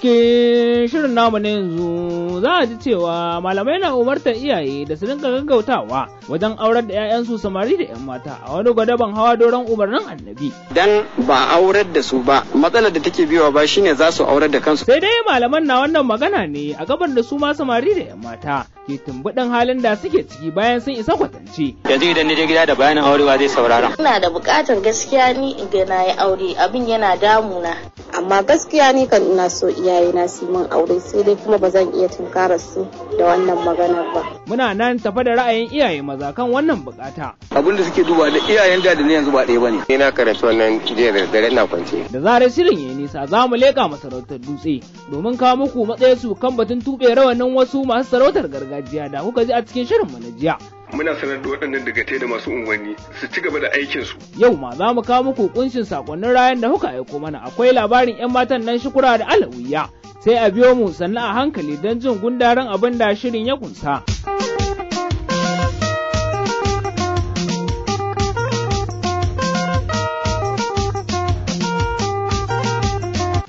cikin shirin namu na yanzu za a ji cewa malamai na umartar iyaye da su dinga gaggautawa wajen aurar da 'ya'yansu samari da 'yan mata a wani gwadaban hawa doron umarnin annabi. Dan ba aurar da su ba matsalar da take biyowa ba shine za su aurar da kansu. Sai dai malaman na wannan magana ne a gaban da su ma samari da 'yan mata ke tumbuɗin halin da suke ciki bayan sun isa kwatance. Yanzu idan ni je gida da bayanin aurewa zai saurara. Ina da buƙatar gaskiya ni in ga na yi aure abin yana damuna. amma gaskiya ni kan ina so iyayena su min aure sai dai kuma ba zan iya tunkarar su da wannan maganar ba muna nan tafa da ra'ayin iyaye maza kan wannan bukata abin da suke duba da iyayen da ne yanzu ba ɗaya bane ni na wannan jiya da dare na kwance da zarar shirin ya nisa za mu leka masarautar dutse domin kawo muku matsayin su kan batun tuɓe rawanin wasu masu sarautar gargajiya da kuka ji a cikin shirin mu na jiya muna sanar da waɗannan dagatai da masu unguwanni su ci gaba da aikin su Yau ma za mu kawo muku kunshin sakonnin rayan da kuka aiko mana akwai labarin 'yan matan nan shukura da alawiya sai a biyo mu sannan a hankali don jin gundarin abin da shirin ya kunsa.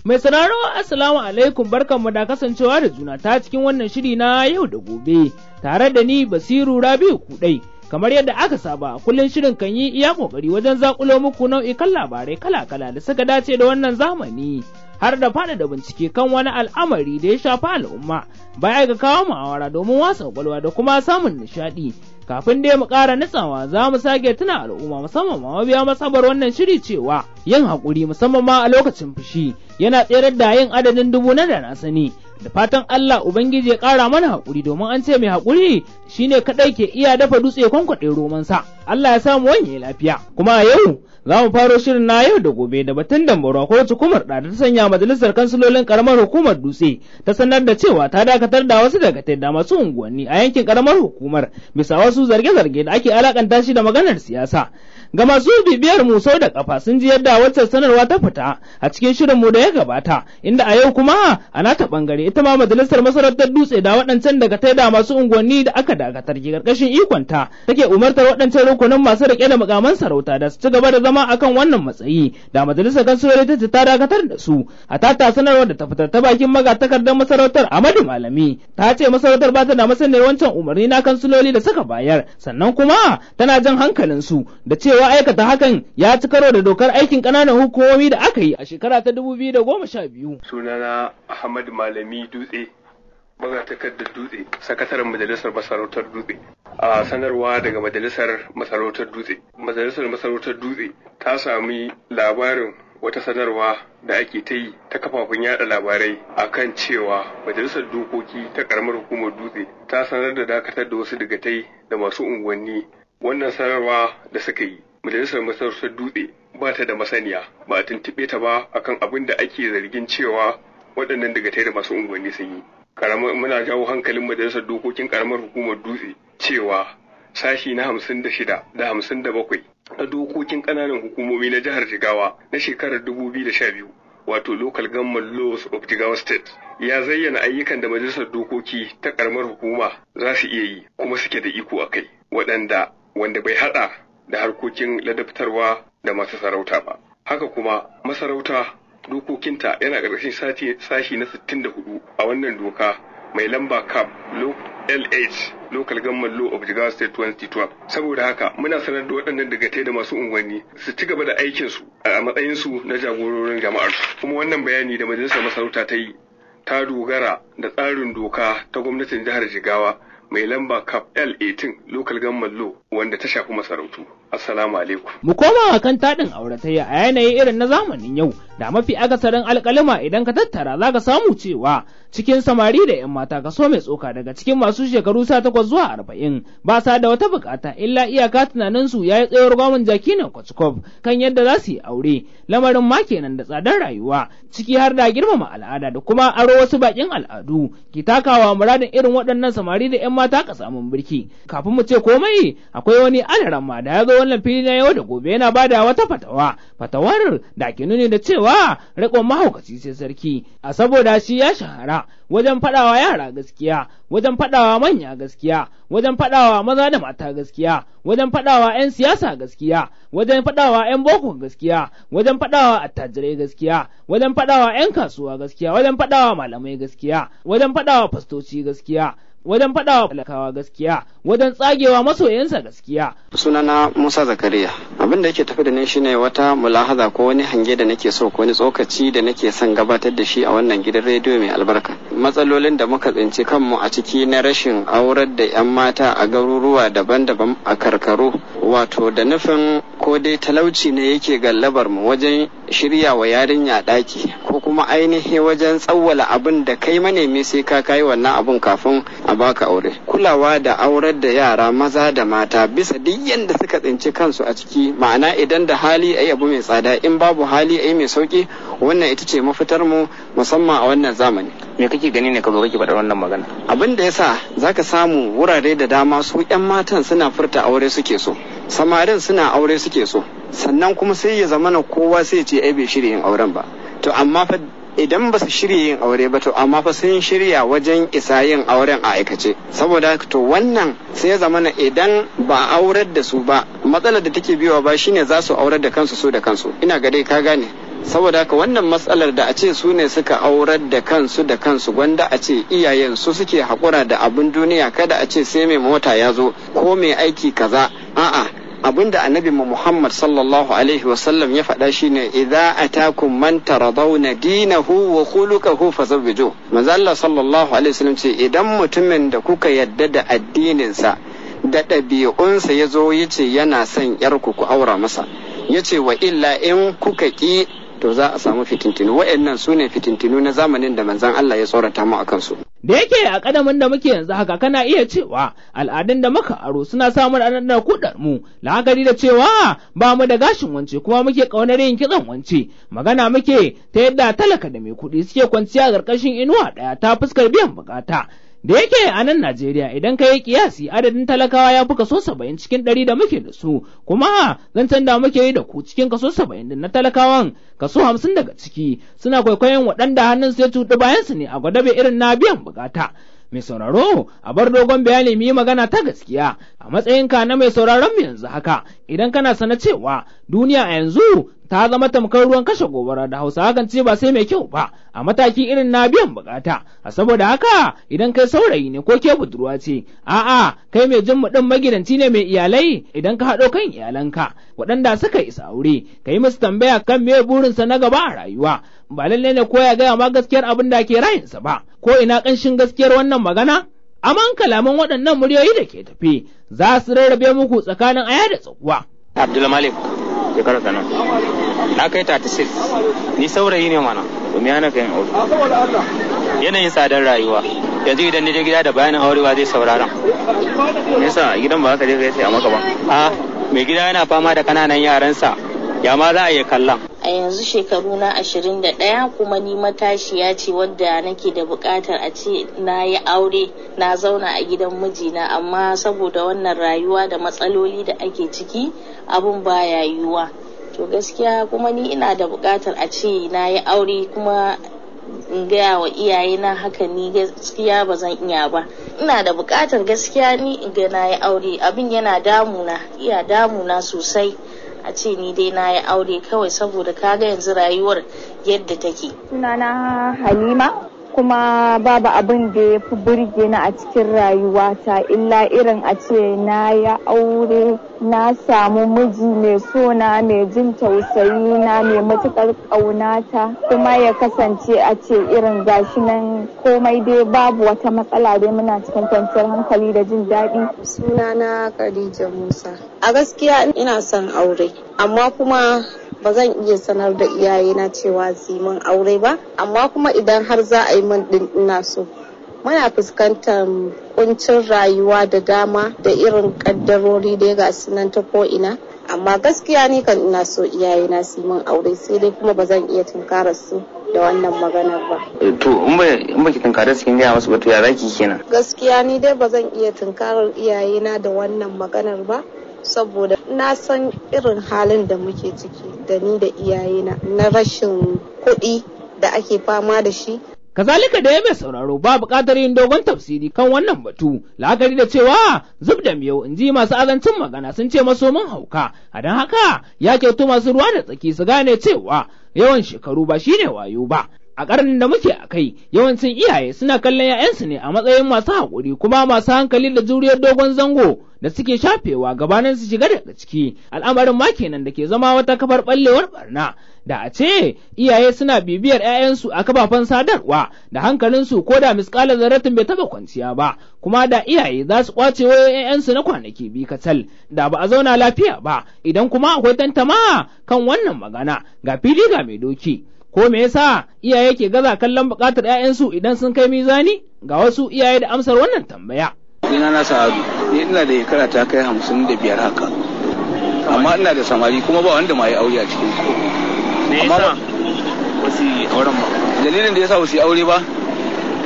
Mai sauraro Assalamu alaikum barkanmu da kasancewa da juna ta cikin wannan shiri na yau da gobe tare da ni Basiru Rabiu Kudai. Kamar yadda aka saba kullum shirin kan yi iya kokari wajen zakulo muku nau'ikan labarai kala-kala da suka dace da wannan zamani. har da fada da bincike kan wani al'amari da ya shafa al'umma baya ga kawo mu'awara domin wasa kwakwalwa da kuma samun nishaɗi kafin dai mu ƙara nutsawa za mu sake tuna al'umma musamman ma mabiya masabar wannan shiri cewa yin haƙuri musamman ma a lokacin fushi yana tserar da yin adadin dubu na da na sani da fatan Allah Ubangiji ya ƙara mana haƙuri domin an ce mai haƙuri shine kaɗai ke iya dafa dutse kwankwaɗe romansa. Allah ya samu wanye lafiya. Kuma a yau za mu faro shirin na yau da gobe da batun dambarwa ko wacce kumar da ta sanya majalisar kansilolin karamar hukumar dutse ta sanar da cewa ta dakatar da wasu daga da masu unguwanni a yankin karamar hukumar bisa wasu zarge-zarge da ake alakanta shi da maganar siyasa. Ga masu bibiyar mu sau da kafa sun ji yadda wacce sanarwa ta fita a cikin shirin mu da ya gabata inda a yau kuma a nata bangare ita ma majalisar masarautar dutse da waɗancan daga da masu unguwanni da aka dakatar ke karkashin ikonta take umartar waɗancan rukunin masu riƙe da mukaman sarauta da su ci gaba da zama akan wannan matsayi da majalisar kansiloli ta ta dakatar da su a tata sanarwar da ta fitar ta bakin magatakardar masarautar Amadu Malami ta ce masarautar ba ta da masaniyar wancan umarni na kansiloli da suka bayar sannan kuma tana jan hankalin su da cewa aikata hakan ya ci karo da dokar aikin ƙananan hukumomi da aka yi a shekara ta 2012 sunana Ahmad Malami Dutse magatakardar dutse sakataren majalisar masarautar dutse a sanarwa daga majalisar masarautar dutse majalisar masarautar dutse ta sami labarin wata sanarwa da ake ta yi ta kafafun yada labarai a kan cewa majalisar dokoki ta karamar hukumar dutse ta sanar da dakatar da wasu digatai da masu unguwanni wannan sanarwa da suka yi majalisar masarautar dutse ba ta da masaniya ba a tuntuɓe ta ba akan abin da ake zargin cewa waɗannan digatai da masu unguwanni sun yi muna jawo hankalin majalisar dokokin karamar hukumar dutse cewa sashi na hamsin da shida da hamsin da bakwai na dokokin ƙananan hukumomi na jihar jigawa na shekarar dubu biyu da sha biyu wato local government laws of jigawa state ya zayyana ayyukan da majalisar dokoki ta karamar hukuma za su iya yi kuma suke da iko a kai waɗanda wanda bai haɗa da harkokin ladabtarwa da masu sarauta ba haka kuma masarauta dokokinta yana ƙarƙashin sashi na 64 a wannan doka mai lamba cap LH Local Government Law of Jigawa State 2012. Saboda haka muna sanar da waɗannan dagatai da masu unguwanni su ci gaba da aikinsu a matsayinsu na jagororin jama'ar. Kuma wannan bayani da majalisar masarauta ta yi ta dogara da tsarin doka ta gwamnatin jihar Jigawa mai lamba CAP L18 Local Government Law wanda ta shafi masarautu. Assalamu alaikum. Mu koma kan taɗin auratayya a yanayi irin na zamanin yau da mafi akasarin alƙalima idan ka tattara za ka samu cewa cikin samari da 'yan mata kaso mai tsoka daga cikin masu shekaru sa takwas zuwa arba'in ba sa da wata buƙata illa iyaka tunanin su ya yi tsayar gwamnan jaki na kwatsikof kan yadda za su yi aure lamarin ma kenan da tsadar rayuwa ciki har da girmama al'ada da kuma aro wasu baƙin al'adu ki takawa muradin irin waɗannan samari da 'yan mata ka samun birki kafin mu ce komai akwai wani ma da ya zo wannan fili na yau da gobe yana bada wata fatawa fatawar da ke nuni da cewa riƙon mahaukaci sai sarki a saboda shi ya shahara wajen faɗawa yara gaskiya wajen faɗawa manya gaskiya wajen faɗawa maza da mata gaskiya wajen faɗawa 'yan siyasa gaskiya wajen faɗawa 'yan boko gaskiya wajen faɗawa attajirai gaskiya wajen faɗawa 'yan kasuwa gaskiya wajen faɗawa malamai gaskiya wajen faɗawa fastoci gaskiya wajen faɗawa talakawa gaskiya wajen tsagewa masoyansa gaskiya. sunana musa zakariya abin da yake tafi da ni shine wata mulahaza ko wani hange da nake so ko wani tsokaci da nake son gabatar da shi a wannan gidan rediyo mai albarka matsalolin da muka tsinci kanmu a ciki na rashin aurar da 'yan mata a garuruwa daban-daban a karkaru wato da nufin ko dai talauci ne yake gallabar mu wajen shirya wa yarinya ɗaki ko kuma ainihi wajen tsawwala abin da kai manemi sai ka kai wannan abin kafin a baka aure kulawa da aurar da yara maza da mata bisa duk yadda suka tsinci kansu a ciki ma'ana idan da hali ai abu mai tsada in babu hali ayi mai sauki wannan ita ce mafitar mu musamman a wannan zamani me kake gani ne ka zo kake faɗar wannan magana abin da yasa zaka samu wurare da dama su 'yan matan suna furta aure suke so samarin suna aure suke so sannan kuma sai ya zamana kowa sai ce ai bai shirya yin auren ba to amma fa idan ba su shirya yin aure ba to amma fa sun shirya wajen isa yin auren a aikace saboda to wannan sai ya zamana idan ba aurar da su ba matsalar da take biyowa ba shine za su aurar da kansu su da kansu ina ga dai ka gane saboda haka wannan matsalar da a ce su ne suka aurar da kansu da kansu gwanda a ce iyayen su suke haƙura da abin duniya kada a ce sai mai mota ya zo ko mai aiki kaza a'a abinda annabi mu Muhammad sallallahu alaihi wasallam ya faɗa shine idza atakum man taradawna dinahu wa khuluquhu fazawwiju manzo Allah sallallahu alaihi wasallam ce idan mutumin da kuka yadda da addininsa da ɗabi'unsa ya zo ya ce yana son yarku ku aura masa ya ce wa illa in kuka ƙi to za a samu fitintinu wa'annan su ne fitintinu na zamanin da manzan Allah ya tsorata mu a kansu da yake a kadamin da muke yanzu haka kana iya cewa al'adun da muka aro suna samun anannar kudar mu la'akari da cewa ba mu da gashin wance kuma muke kaunar yin kitsan wance magana muke ta yadda talaka da mai kuɗi suke kwanciya a ƙarƙashin inuwa ɗaya ta fuskar biyan bukata da yake a nan Najeriya idan ka yi kiyasi adadin talakawa ya fi kaso saba'in cikin ɗari da muke da su kuma zancen da muke yi da ku cikin kaso saba'in din na talakawan kaso hamsin daga ciki suna kwaikwayon waɗanda hannun sai cuɗi bayan su ne a gwadabe irin na biyan bukata. Mai sauraro a bar dogon bayani mu yi magana ta gaskiya a matsayinka na mai sauraron mu yanzu haka idan kana sana cewa duniya a yanzu ta zama tamkar ruwan kashe gobara da hausa hakan ce ba sai mai kyau ba a mataki irin na biyan bukata a saboda haka idan kai saurayi ne ko ke budurwa ce a'a kai mai jin din magidanci ne mai iyalai idan ka haɗo kan iyalanka waɗanda suka isa aure ka yi musu tambaya kan me burin sa na gaba a rayuwa ba lalle ne ko ya gaya ma gaskiyar abin da ke rayinsa ba ko ina ƙanshin gaskiyar wannan magana aman kalaman waɗannan muryoyi da ke tafi za su rarrabe muku tsakanin aya da tsakuwa Abdulmalik shekara ta nan na kai 36 ni saurayi ne mana domin yana kai aure yanayin tsadar rayuwa yanzu idan je gida da bayanin aurewa zai sauraron nisa gidan ba haka zai sai a maka ba a mai gida yana fama da kananan yaransa ya za a iya kallon a yanzu shekaru na ashirin da ɗaya kuma ni matashiya ce wadda nake da buƙatar a ce na yi aure na zauna a gidan mijina amma saboda wannan rayuwa da matsaloli da ake ciki abun baya yiwuwa to gaskiya kuma ni ina da buƙatar a ce na yi aure kuma in gaya wa iyaye na haka ni gaskiya ba zan iya ba ina da buƙatar gaskiya ni in ga na yi aure abin yana damuna iya damuna sosai a ce ni dai na yi aure kawai saboda ka ga yanzu rayuwar yadda take sunana halima kuma babu abin da ya fi burge na a cikin rayuwata illa irin a ce na ya aure na samu miji mai sona mai jin tausayi na mai matukar ƙaunata kuma ya kasance a ce irin gashi nan komai dai babu wata matsala dai muna cikin kwanciyar hankali da jin daɗi sunana Khadija Musa a gaskiya ina son aure amma kuma ba zan iya sanar da iyayena cewa su min aure ba amma kuma idan har za a yi min din ina so muna fuskantar kuncin rayuwa da dama da irin kaddarori da ga nan ta ko'ina amma gaskiya ni kan ina so iyayena su min aure sai dai kuma ba zan iya tunkarar su da wannan maganar ba. To, in ba ki tunkarar su kin gaya masu batu ya zaki kenan. Gaskiya ni dai ba zan iya tunkarar iyayena da wannan maganar ba. saboda na san irin halin da muke ciki da ni da iyayena na rashin kuɗi da ake fama da shi kazalika da ya mai sauraro ba buƙatar yin dogon tafsiri kan wannan batu la'akari da cewa zub da miyau in ji masu azancin magana sun ce maso masomin hauka a don haka ya kyautu masu ruwa da tsaki su gane cewa yawan shekaru ba shine wayo ba a ƙarnin da muke a kai yawancin iyaye suna kallon 'ya'yansu ne a matsayin masu haƙuri kuma masu hankali da juriyar dogon zango da suke shafewa gabanin su shiga daga ciki al'amarin ma kenan da ke zama wata kafar ɓallewar barna da a ce iyaye suna bibiyar 'ya'yansu a kafafen sadarwa da hankalinsu ko da miskalar zarratin bai taba kwanciya ba kuma da iyaye za su kwace wayo 'ya'yansu na kwanaki bi kacal da ba a zauna lafiya ba idan kuma akwai tantama kan wannan magana ga fili ga mai doki ko me yasa iyaye ke gaza kallon bukatar 'ya'yansu idan sun kai mizani ga wasu iyaye da amsar wannan tambaya ina na sa'adu ni ina da shekara ta kai hamsin da biyar haka amma ina da samari kuma ba wanda ma yi aure a cikin su amma wasu auren ba dalilin da sa wasu aure ba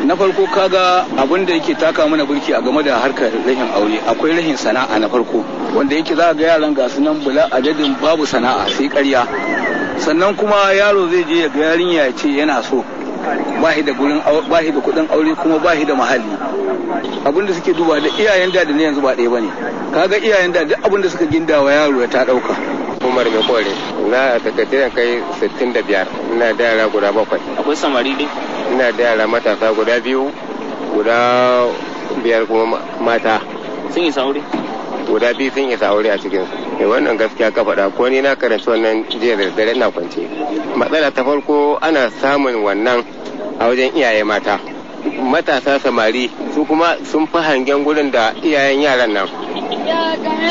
na farko kaga abin da yake taka mana burki a game da harkar rahin aure akwai rahin sana'a na farko wanda yake za a ga yaran gasu nan bula a adadin babu sana'a sai karya sannan kuma yaro zai je ya ga yarinya ya ce yana so ba da gurin ba da kudin aure kuma ba da mahalli abinda suke duba da iyayen da da ne yanzu ba ɗaya bane kaga iyayen da duk abinda suka ginda wa yaro ya ta dauka Umar mai kore na takardar kai 65 ina da yara guda bakwai akwai samari dai ina da yara matasa guda biyu guda biyar kuma mata sun yi sauri guda biyu sun isa aure a cikin su eh, wannan gaskiya ka faɗa ko ni na karanci wannan jiya da dare na kwance matsala ta farko ana samun wannan a wajen iyaye mata matasa samari su kuma sun fi hangen gurin da iyayen yaran nan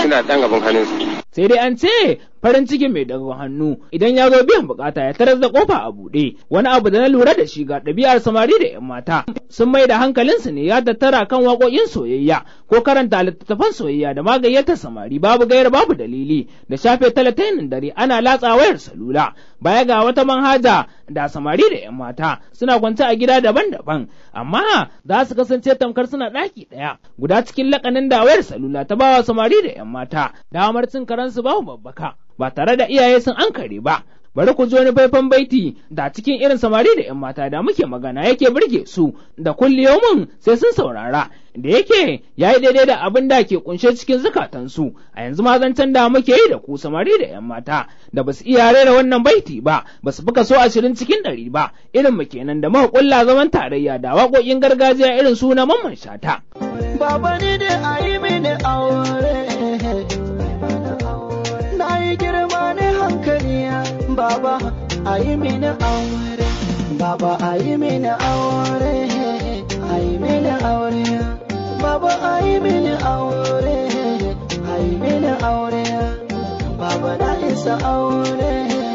suna ɗan abin su sai dai an ce farin cikin mai daga hannu idan ya zo biyan bukata ya taras da kofa a buɗe wani abu da na lura da shi ga ɗabi'ar samari da 'yan mata sun mai da hankalinsu ne ya tattara kan waƙoƙin soyayya ko karanta littattafan soyayya da magayyatar samari babu gayar babu dalili da shafe talatainin dare ana latsa wayar salula baya ga wata manhaja da samari da 'yan mata suna kwance a gida daban-daban amma za su kasance tamkar suna ɗaki ɗaya guda cikin lakanin da wayar salula ta bawa samari da 'yan mata damar cin karansu babu babbaka ba tare da iyaye sun ankare ba bari ku ji wani faifan baiti da cikin irin samari da 'yan mata da muke magana yake birge su da kulliyomin sai sun saurara da yake ya yi daidai da abin da ke kunshe cikin zukatansu a yanzu ma zancen da muke yi da ku samari da 'yan mata da ba su iya rera wannan baiti ba ba su fuka so ashirin cikin ɗari ba irin mu kenan da muka kulla zaman tarayya da waƙoƙin gargajiya irin su na mamman shata. Baba ni da ayi mini aure. baba a yi mini aure baba a yi mini aure a yi mini aure baba a yi mini aure a yi mini aure baba na isa aure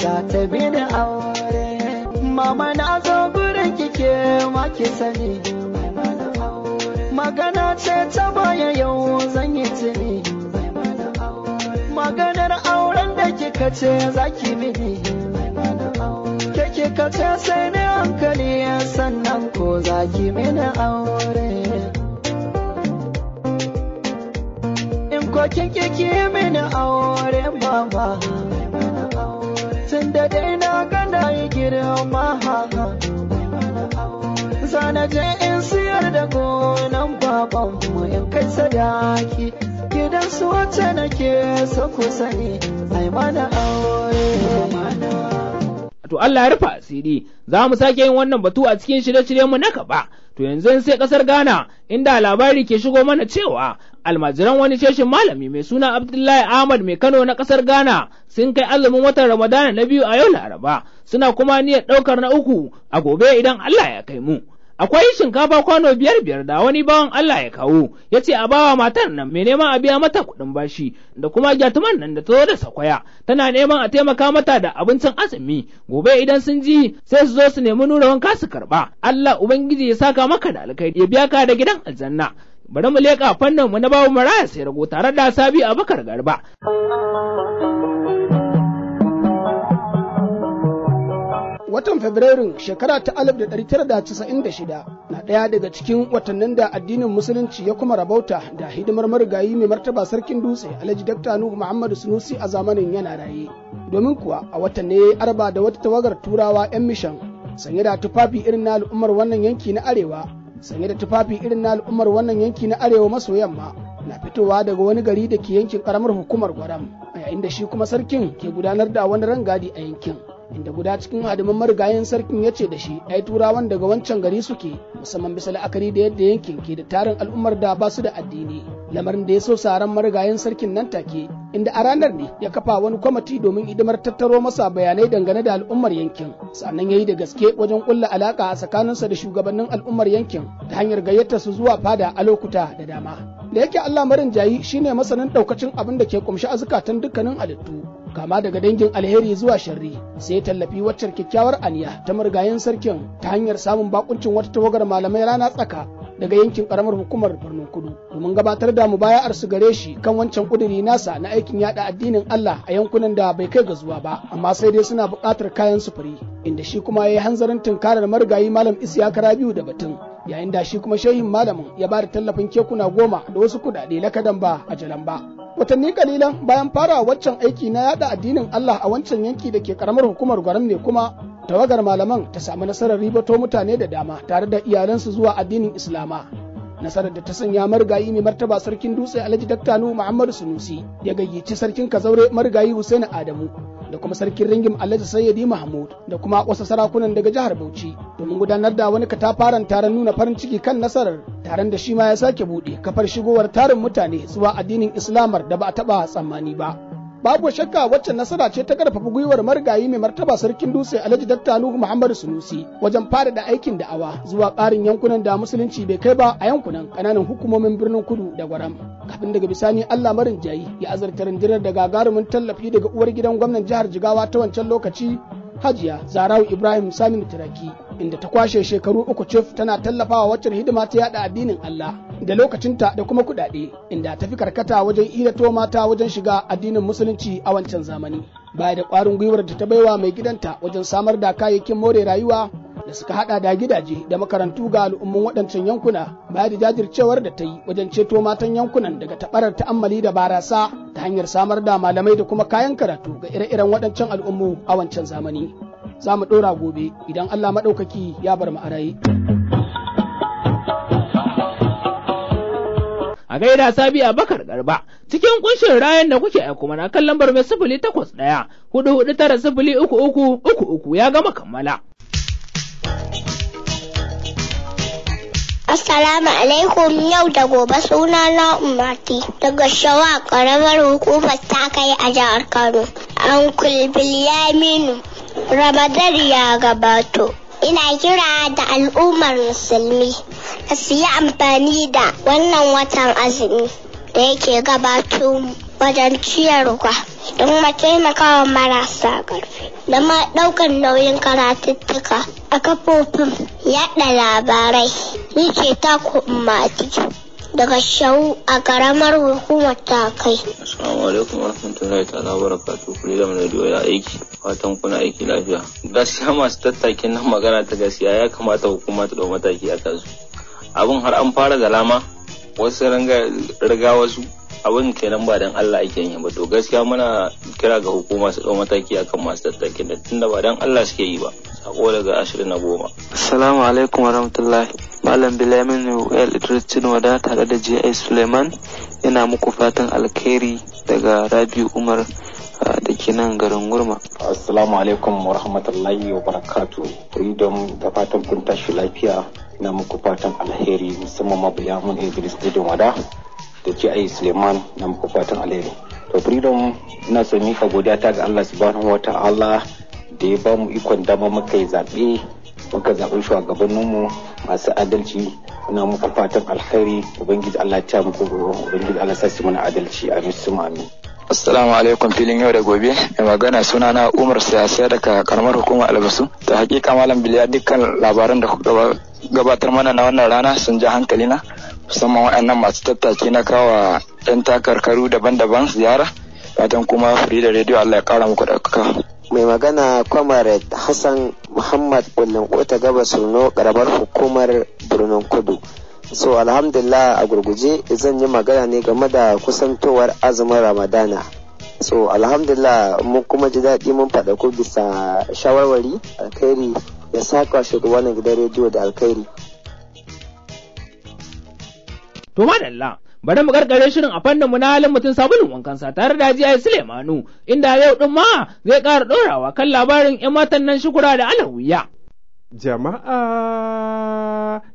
ta ta bini aure mama na zo gurin kike ma ki sani magana ce ta baya yau zan yi tuni maganar auren da kika ce za ki mini ke kika ce sai ne hankali sannan ko za ki mini aure ko kin kike mini aure mama da dai na gana yi girma zana je in siyar da gonan baban mu in kai sadaki gidan su wacce nake so ku sani ai mana aure to Allah ya rufa asiri za mu sake yin wannan batu a cikin shirye-shiryenmu na gaba to yanzu sai kasar Ghana inda labari ke shigo mana cewa almajiran wani sheshin malami mai suna Abdullahi Ahmad mai Kano na ƙasar Ghana sun kai azumin watan Ramadana na biyu a yau Laraba, suna kuma niyyar ɗaukar na uku a gobe idan Allah ya kai mu. Akwai shinkafa kwano biyar biyar da wani bawan Allah ya kawo, ya ce a bawa matar nan mai neman a biya mata kuɗin bashi, da kuma gyatuman nan da ta zo da sakwaya, tana neman a taimaka mata da abincin azumi, gobe idan sun ji sai su zo su nemi nuna wanka su karɓa, Allah Ubangiji ya saka maka da alkai ya biya ka da gidan aljanna. bari mu leƙa fannin mu na bawo maraya sai rago tare da sabi abakar garba. Watan Fabrairun shekara ta da da shida, na ɗaya daga cikin watannin da addinin musulunci ya kuma rabauta da hidimar marigayi mai martaba sarkin dutse Alhaji Dakta Nuhu Muhammadu Sunusi a zamanin yana raye. Domin kuwa a watan ne arba da wata tawagar turawa 'yan mishan sanye da tufafi irin na al'ummar wannan yanki na arewa sanye da tufafi irin na al'ummar wannan yanki na arewa maso yamma na fitowa daga wani gari da ke yankin karamar hukumar gwaram a yayin da shi kuma sarkin ke gudanar da wani rangadi a yankin inda guda cikin hadimin marigayen sarkin ya ce da shi ai turawan daga wancan gari suke musamman bisa la'akari da yadda yankin ke da tarin al'ummar da ba su da addini lamarin da ya so saran marigayen sarkin nan take inda a ranar ne ya kafa wani kwamiti domin idimar tattaro masa bayanai dangane da al'ummar yankin sannan ya yi da gaske wajen kulla alaka a tsakaninsa da shugabannin al'ummar yankin ta hanyar gayyatar su zuwa fada a lokuta da dama da yake Allah marin jayi shine masanin daukacin abin da ke kumshi a zukatan dukkanin halittu kama daga dangin alheri zuwa sharri sai tallafi waccar kyakkyawar aniya ta marigayen sarkin ta hanyar samun bakuncin wata tawagar malamai rana tsaka daga yankin karamar hukumar birnin Kudu domin gabatar da mubaya'ar su gare shi kan wancan kuduri nasa na aikin yada addinin Allah a yankunan da bai kai ga zuwa ba amma sai dai suna buƙatar kayan sufuri inda shi kuma ya yi hanzarin tunkarar marigayi malam kara biyu da batun yayin da shi kuma shehin malamin ya ba da tallafin kekuna goma da wasu kudade lakadan ba a jalan ba. watanni kalilan bayan fara waccan aiki na yada addinin Allah a wancan yanki da ke karamar hukumar Gwaram ne kuma tawagar malaman ta samu nasarar ribato mutane da dama tare da iyalansu zuwa addinin islama nasarar da ta sanya marigayi mai martaba sarkin dutse alhaji daktanu muhammadu sunusi ya gayyaci sarkin kazaure marigayi husaini adamu da kuma sarkin ringin alhaji sayyadi mahmud da kuma wasu sarakunan daga jihar bauchi domin gudanar da wani katafaren taron nuna farin ciki kan nasarar taron da shi ma ya sake buɗe kafar shigowar tarin mutane zuwa addinin islamar da ba a taɓa tsammani ba babu shakka wacce nasara ce ta karfafa gwiwar marigayi mai martaba sarkin dutse alhaji dakta nuhu muhammadu sunusi wajen fara da aikin da'awa zuwa ƙarin yankunan da musulunci bai kai ba a yankunan ƙananan hukumomin birnin kudu da gwaram kafin daga bisani allah marin jayi ya azarta rundunar da gagarumin tallafi daga uwar gidan gwamnan jihar jigawa ta wancan lokaci hajiya zarau ibrahim Saminu turaki inda ta kwashe shekaru uku cif tana tallafawa wacce hidima ta yada addinin allah da lokacinta da kuma kuɗaɗe inda ta fi karkata wajen hidato mata wajen shiga addinin musulunci a wancan zamani baya da kwarin gwiwar da ta baiwa mai gidanta wajen samar da kayayyakin more rayuwa da suka hada da gidaje da makarantu ga al'ummun waɗancan yankuna baya da jajircewar da ta yi wajen ceto matan yankunan daga taɓarar ta'ammali da barasa ta hanyar samar da malamai da kuma kayan karatu ga ire-iren waɗancan al'ummu a wancan zamani za mu ɗora gobe idan allah maɗaukaki ya bar mu a raye. a gaida sabi bakar garba cikin kunshin rayan da kuke aiko mana kan lambar mai sifili takwas ɗaya hudu hudu tara sifili uku uku uku uku ya gama kammala. Assalamu alaikum yau da gobe suna na umarti daga shawa ƙaramar hukumar ta kai a jihar Kano. An ya minu, Ramadan ya gabato. Ina kira da al'ummar musulmi A su amfani da wannan watan azumi da yake gabato wajen ciyarwa don taimakawa marasa ƙarfi da ma ɗaukar nauyin karatuttuka. a kafofin yada labarai. Ni ce taku mati daga shau a karamar hukumar ta kai. Assalamu alaikum rahmatullahi ta'ala barakatu kuri da radio ya aiki fatan kuna aiki lafiya. Gaskiya masu tattakin nan magana ta gaskiya ya kamata hukuma ta dau mataki a kansu. Abin har an fara da lama wasu riga wasu abin kenan ba dan Allah ake yin ba to gaskiya muna kira ga hukuma su dau mataki akan masu tattakin da tunda ba dan Allah suke yi ba sako daga ashirin na goma. Assalamu alaikum wa rahmatullahi. Malam Bilamin Nuwel Idris Wada tare da J.A. Suleiman yana muku fatan alkhairi daga Rabiu Umar da ke nan garin Gurma. Assalamu alaikum wa rahmatullahi wa barakatu. Freedom da fatan kun tashi lafiya na muku fatan alheri musamman ma mun Idris Wada da J.A. Suleiman na muku fatan alheri. To Freedom ina son mika godiya ta ga Allah subhanahu wa ta'ala da ya ba mu ikon dama muka yi zaɓe muka zaɓi shugabanninmu masu adalci ina muku fatan alkhairi ubangiji Allah ya muku ubangiji Allah sa mana adalci amin su amin Assalamu alaikum filin yau da gobe mai magana suna na Umar Siyasa daga karamar hukumar Albasu ta hakika malam Biliya dukkan labaran da kuka gabatar mana na wannan rana sun ja hankalina musamman waɗannan masu tattaki na kawa 'yan takarkaru daban-daban ziyara fatan kuma free da rediyo Allah ya kara muku ɗaukaka. mai magana comrade hassan muhammad kullum kota gaba suno karamar hukumar birnin kudu so alhamdulillah a gurguje zan yi magana ne game da kusantowar azumin ramadana so alhamdulillah mun kuma ji daɗi mun faɗa ko bisa shawarwari alkhairi ya saka shugabanin gidan rediyo da alkhairi to madalla bari mu karkare shirin a fannin mu na halin mutum sabulun wankan sa tare da jiya Sulemanu inda yau din ma zai ƙara ɗorawa kan labarin 'yan matan nan shukura da alawiya. Jama'a,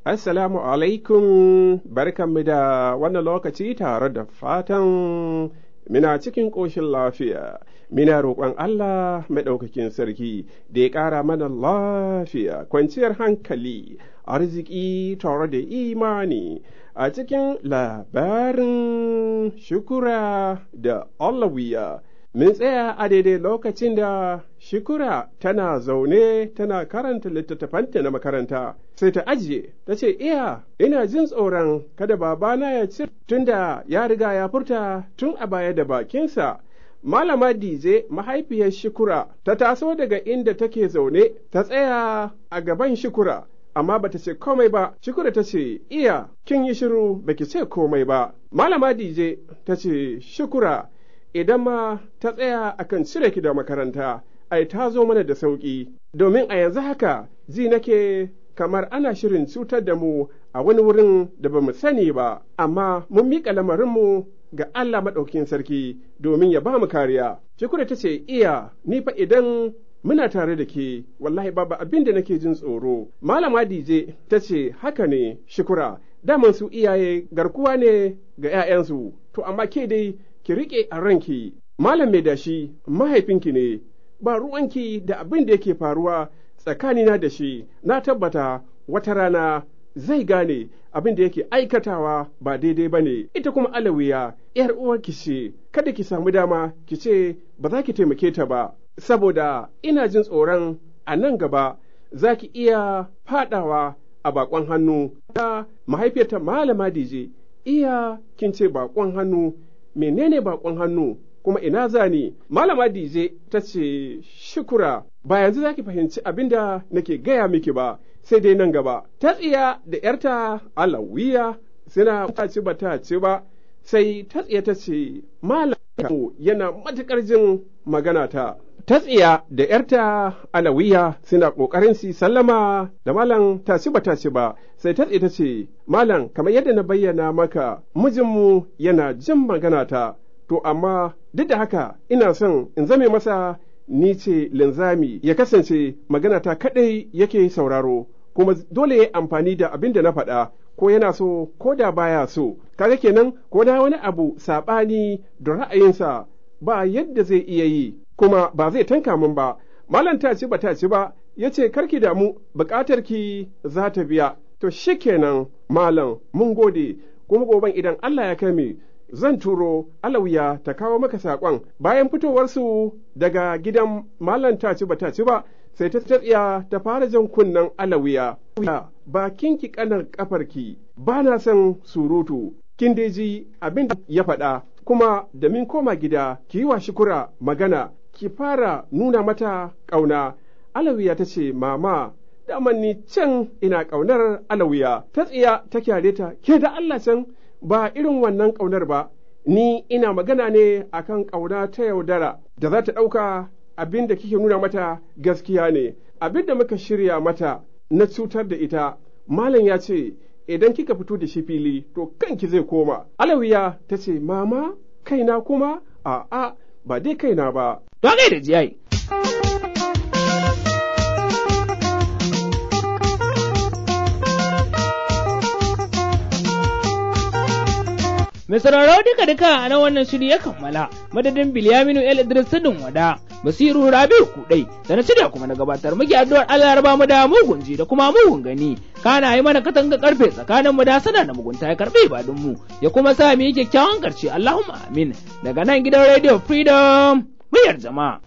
Assalamu alaikum, barkanmu da wannan lokaci tare da fatan muna cikin ƙoshin lafiya, mina roƙon Allah maɗaukakin sarki da ya ƙara mana lafiya, kwanciyar hankali, arziki tare da imani. a cikin labarin shukura da allawiya Mun tsaya a daidai lokacin da shukura tana zaune tana karanta littattafanta na makaranta, sai ta ajiye, ta ce, Iya, ina jin tsoron kada babana ya ci tunda ya riga ya furta tun a baya da bakinsa. Malama Dije mahaifiyar Shukura ta taso daga inda take zaune ta tsaya a gaban Shukura amma bata ce komai ba, Shukura ta ce, Iya, kin yi shiru baki ce komai ba. Malama Dije ta ce, Shukura, idan ma ta tsaya akan cire ki da makaranta, ai ta zo mana da sauƙi, domin a yanzu haka zi nake kamar ana shirin cutar da mu a wani wurin da ba mu sani ba, amma mun miƙa lamarinmu ga Allah maɗaukin sarki domin ya ba mu kariya. Shukura ta ce, Iya, ni fa idan muna tare da ke wallahi baba, abin da nake jin tsoro malama dije ta ce haka ne shukura daman su iyaye garkuwa ne ga 'ya'yansu to amma ke dai ki riƙe a ranki malam mai dashi mahaifinki ne ba ruwanki da abin da yake faruwa tsakanina da shi na tabbata wata rana zai gane abin da yake aikatawa ba daidai ba ne ita kuma alawiya 'yar uwarki ce kada ki samu dama ki ce ba za ki taimake ta ba saboda ina jin tsoron a nan gaba za ki iya faɗawa a baƙon hannu ta mahaifiyarta malama dije iya kin ce baƙon hannu menene baƙon hannu kuma ina za ni malama dije ta ce shukura ba yanzu za ki fahimci abin da nake gaya miki ba sai dai nan gaba ta tsiya da ‘yarta alawiya suna ta ci ba ta ci ba sai ta tsiya ta ce malama yana matukar jin magana ta. ta tsiya da ‘yarta alawiya suna ƙoƙarin su sallama da malam tasiba tasiba sai ta ta ce, Malam, kamar yadda na bayyana maka, mijinmu yana jin magana ta, to amma duk da haka ina son in zame masa ni ce linzami ya kasance magana ta kaɗai yake sauraro, kuma dole ya amfani da abin da na faɗa ko yana so ko da baya so kaga kenan ko da wani abu saɓani da ra'ayinsa ba yadda zai iya yi kuma ba zai tanka min ba malam ta ci ba ta ci ba ya ce karki damu buƙatar ki za ta biya to shi kenan malam mun gode kuma goben idan Allah ya kai zan turo alawiya ta kawo maka saƙon bayan fitowarsu daga gidan malam ta ci ba ta ci ba sai ta tsiya ta fara jan kunnen alawiya bakin ki kanar ki. ba na son surutu kin daji ji abin da ya faɗa kuma da min koma gida ki yi wa kura magana ki fara nuna mata ƙauna. Alawiya ta ce, Mama, daman ni can ina ƙaunar alawiya. Ta tsiya ta kyare ta, ke da Allah can ba irin wannan ƙaunar ba, ni ina magana ne a kan ƙauna ta yaudara da za ta ɗauka abin da kike nuna mata gaskiya ne, abin da muka shirya mata na cutar da ita. Malam ya ce, idan kika fito da shi fili, to kanki zai koma. Alawiya ta ce, Mama, kaina kuma? A'a, ba dai kaina ba, Don da jiyayi. Mai sauraro duka duka a nan wannan shiri ya kammala madadin Bilyaminu El Idris Sidin Wada Basiru Rabiu Kudai da na shirya kuma na gabatar muke addu'ar Allah ya mu da mugun ji da kuma mugun gani kana yi mana katanga karfe tsakanin mu da sana da mugunta ya karbe badin mu ya kuma sa mu yi kyakkyawan karshe Allahumma amin daga nan gidan Radio Freedom 为啥子嘛？